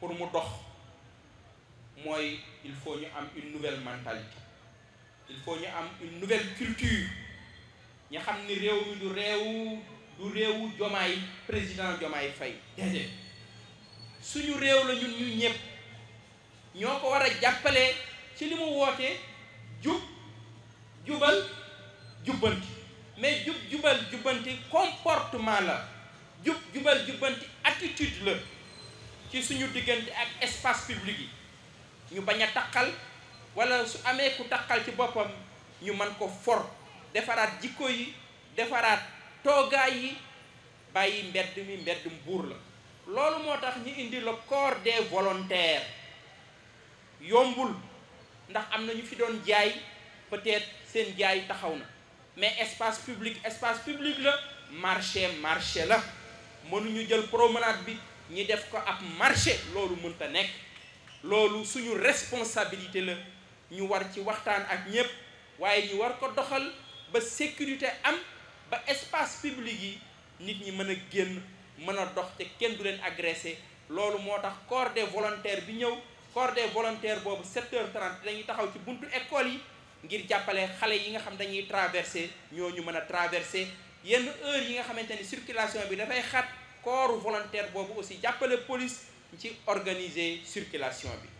pour mu dox mooy il faut ñu am une nouvelle mentalité il faut ñu am une nouvelle culture ñu xam ni réew mi du réewu du réewu Jomaay président Jomaay Faye déedéet suñu réew lañu ñun ñu ñëpp ñoo ko war a jàppale ci li mu woote jub jubal jubbanti mais jub jubal jubbanti comportement la jub jubal jubbanti attitude la ci suñu diggante ak espace public yi ñu bañ a taqal wala su amee ku taqal ci boppam ñu man ko for defaraat jikko yi defaraat toogaay yi bàyyi mbedd mi mbedd mbuur la loolu moo tax ñu indi le corps des volontaires yombul ndax am na ñu fi doon jaay peut seen jaay taxaw na mais espace public espace public la marché marché la mënuñu jël promenade bi ñi def ko ab marché loolu mënta nekk loolu suñu responsabilité la ñu war ci waxtaan ak ñépp waaye ñu war ko doxal ba sécurité am ba espace public yi nit ñi mën a génn mën a dox te kenn du leen agressé loolu moo tax corps des bi ñëw corps des boobu 7h30 dañuy taxaw ci buntu école yi ngir jàppale xale yi nga xam dañuy traversé ñu mën a traversé yenn heure yi nga xamante ni circulation bi dafay xat corps volontaire boobu aussi jàppale polis ci organiser circulation bi